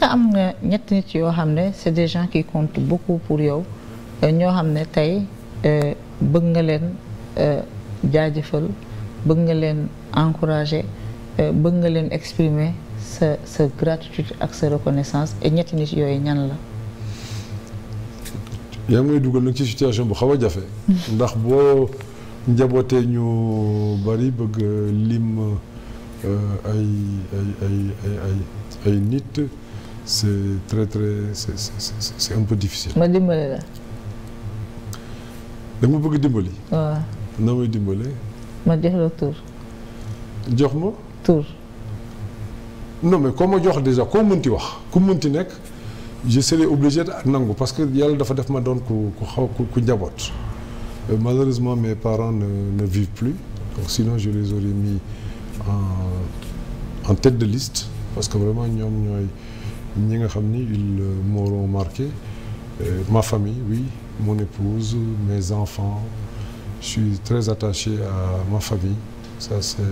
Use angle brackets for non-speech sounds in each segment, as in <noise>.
que am nga ñett nit yoo xam ne c'est des gens qui comptent beaucoup pour yow euh, ñoo xam ne tey euh, bëgg nga leen euh, jaajëfal bëgg nga leen encourager bëgg nga leen exprimer sa sa gratitude ak sa reconnaissance et ñetti nit yooyu ñan la. yaa ngi may dugal nag ci situation bu xaw a jafe. <laughs> ndax boo njabootee ñu bari bëgg lim ay ay ay ay ay nit. c'est très très c'est c'est c'est un peu difficile. ma dimbali la. da nga bëgg dimbali. waaw. na may dimbali. ma jox la tur. jox ma. tur. non mais koo ma jox déjà koo mënti wax ku mënti nekk je serai obligé de nangu parce que yàlla dafa def ma doon ku ku xaw ku njaboot. Euh, malheureusement mes parents ne ne vivent plus donc sinon je les aurais mis en en tête de liste parce que vraiment ñoom ñooy. ñi nga xam ni ils euh, m'auront marqué euh, ma famille oui mon épouse mes enfants je suis très attaché à ma famille ça c'est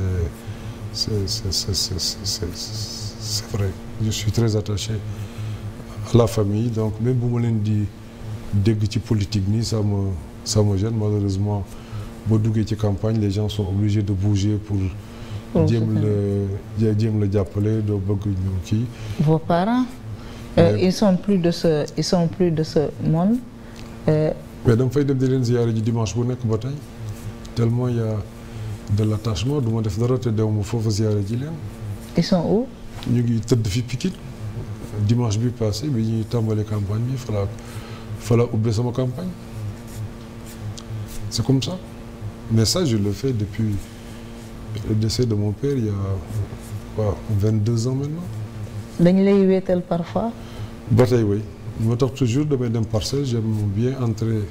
c'est c'est c'est vrai je suis très attaché à la famille donc même bu ma leen di dégg ci politique nii ça me ça me malheureusement boo duggee ci campagne les gens son obligés de bouger pour Oh, jéem la jéem la jàppale doo bëgg ñu kii. vos parents. Euh, euh ils plus de ce ils de ce monde. Euh, mais dama fay dem di leen ziyaare ji dimanche bu nekk ba tey tellement y a de l'attachement du ma def dara te dew ma foofu ziyaare ji leen. ils sont où. ñu ngi tëdd fi Pikine dimanche bi passé bi ñuy tàmbali campagne bi fala fala ubbe sama campagne c'est comme ça mais ça je le fais depuis. le décès de mon père il y vingt deux ans maintenant. dañu lay wéetal parfois. ba tey oui moo tax toujours damay dem parcelle j'aime bien entrer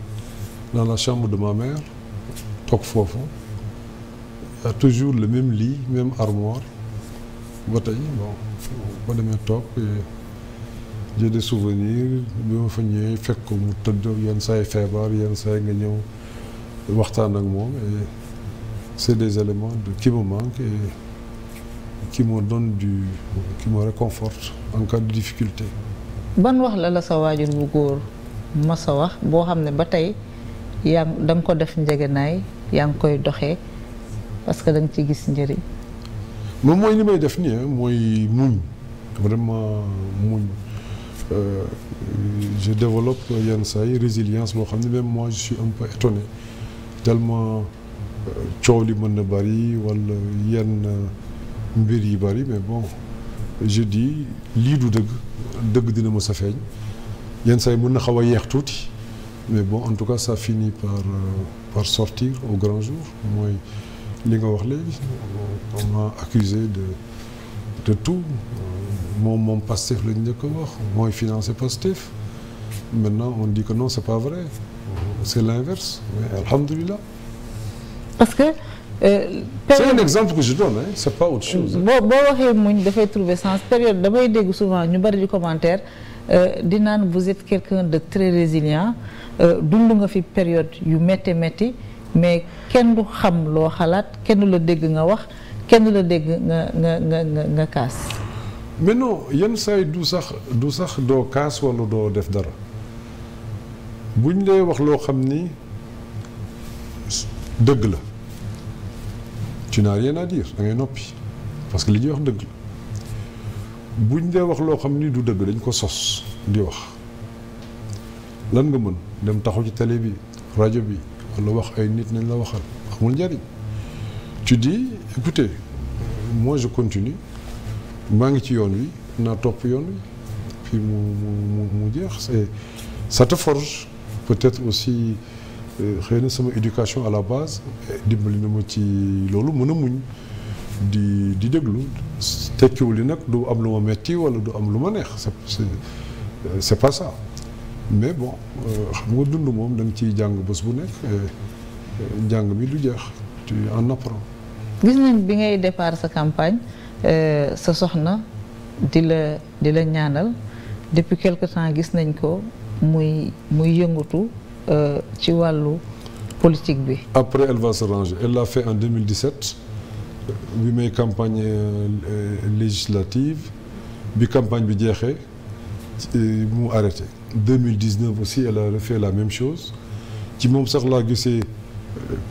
dans la chambre foofu toujours le même lit même armoire ba tey bon ba demee toog bi ma fa ñëwee fekk ko mu tëdd yenn saa feebar yenn saa nga ñëw waxtaan ak moom c'est des éléments de, qui me manquent et qui me donnent du qui me en cas de difficulté. ban wax la la sa waajur bu góor ma sa wax boo xam ne ba tey yaa da nga ko def njegenaay yaa ngi koy doxee parce que da ci gis njëriñ. moom mooy li may def nii mooy muñ vraiment muñ. Euh, je développe yenn saa résilience boo xam ne même moi je suis un peu étonné tellement coow li mën na bëri wala yenn mbir yi bëri mais bon je dis lii du dëgg dëgg dina mës a feeñ yenn saa yi mën na xaw a yeex tuuti mais bon en tout cas ça fini par euh, par sortir au grand jour mooy li nga wax léegi on m'a accusé de tout moom moom Pastef lañ njëkk a wax mooy financé Pastef maintenant on dit que non c'est pas vrai c'est l'inverse mais alhamdulilah parce que. Euh, période c'est un exemple que je donne hein c'est pas autre chose. boo boo waxee muñ dafay trouver sens période damay dégg souvent ñu bari di commentaire euh, di naan vous êtes quelqu'un de très résilient euh, dund nga fi période yu métti métti mais kenn du xam loo xalaat kenn du la dégg nga wax kenn la dégg nga nga nga du sax du sax doo kaas walla doo def dara buñ lay wax loo xam ni dëgg la. tu n'as rien à dire ngay noppi parce que li ñuy wax dëgg la buñ dee wax loo xam ni du dëgg dañ ko sos di wax lan nga mën dem taxaw ci télé bi rajo bi walla wax ay nit nañ la waxal amul njariñ tu di écoutez moi je continue maa ngi ci yoon wi naa topp yoon wi puis mu mu mu jeex c'est ça te peut-être aussi xëy na sama éducation à la base eh, dimbali na ma ci loolu mën a muñ di di déglu tekkiwu li nag du am lu ma metti wala du am lu ma neex c'est c'est euh, mais bon euh, xam nga dund moom da ci ciy jàng bés bu nekk eh, eh, jàng mi du jeex tu en apprends. gis nañ bi ngay départ sa campagne euh, sa soxna di la di la ñaanal depuis quelque temps gis nañ ko muy muy yëngatu. Euh, ci wàllu politique bi. après elle va se ranger elle l'a fait en 2017 bi may campagne euh, législative bi campagne bi jeexee euh, mu arrêté. 2019 aussi elle a refait la même chose ci moom sax laa gisee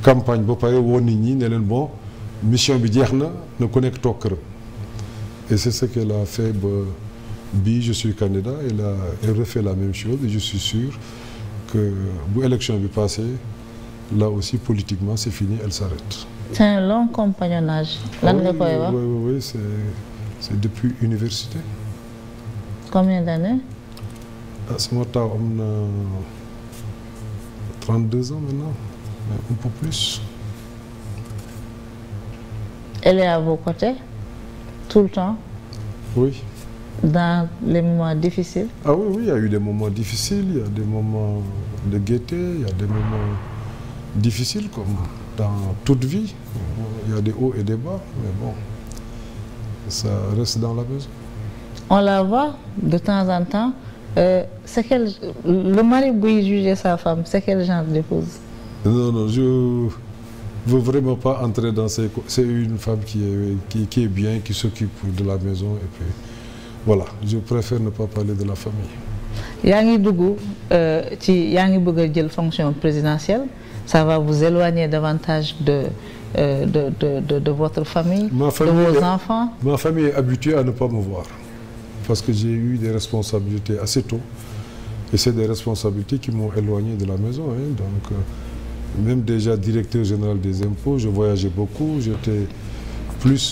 campagne ba pare woo nit ñi ne leen bon mission bi jeex na na ko nekk toog këram et c'est ce qu'elle a fait ba bii je suis candidat elle a elle la même chose et je suis sûr. bu élection bi passée là aussi politiquement c'est fini elle s'arrête c'est long compagnonnage. lan nga koy wax oui oui oui c'est c'est depuis université. combien d'années. ah sama taw am na 32 ans maintenant un peu plus. elle est à vos le temps. dans les moments difficiles Ah oui, oui, y a eu des moments difficiles, y a des moments de gaieté, y a des moments difficiles comme dans toute vie. y a des hauts et des bas, mais bon, ça reste dans la maison. On la de temps en temps. Euh, c'est quel, le mari peut juger sa femme, c'est quel genre d'épouse Non, non, je veux vraiment pas entrer dans ces... C'est une femme qui est, qui, qui est bien, qui s'occupe de la maison et voilà je préfère ne pas parler de la famille. yaa ngi dugg euh, ci yaa ngi bëgg a jël fonction présidentielle ça va vous éloigner davantage de euh, de de de de votre famille. ma famille de vos est, enfants. ma famille est habituée à ne pas me voir parce que j'ai eu des responsabilités assez tôt et c'est des responsabilités qui m'ont éloigné de la maison donc euh, même déjà directeur général des impôts je voyageais beaucoup j'étais plus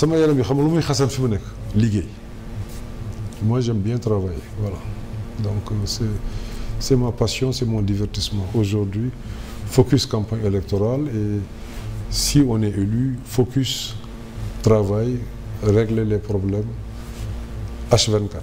sama yaram bi xam nga lu muy xasan fi mu nekk. liggéey moi j'aime bien travailler voilà donc euh, c'est c'est ma passion c'est mon divertissement aujourd'hui focus campagne électorale et si on est élu focus travail régler les problèmes H24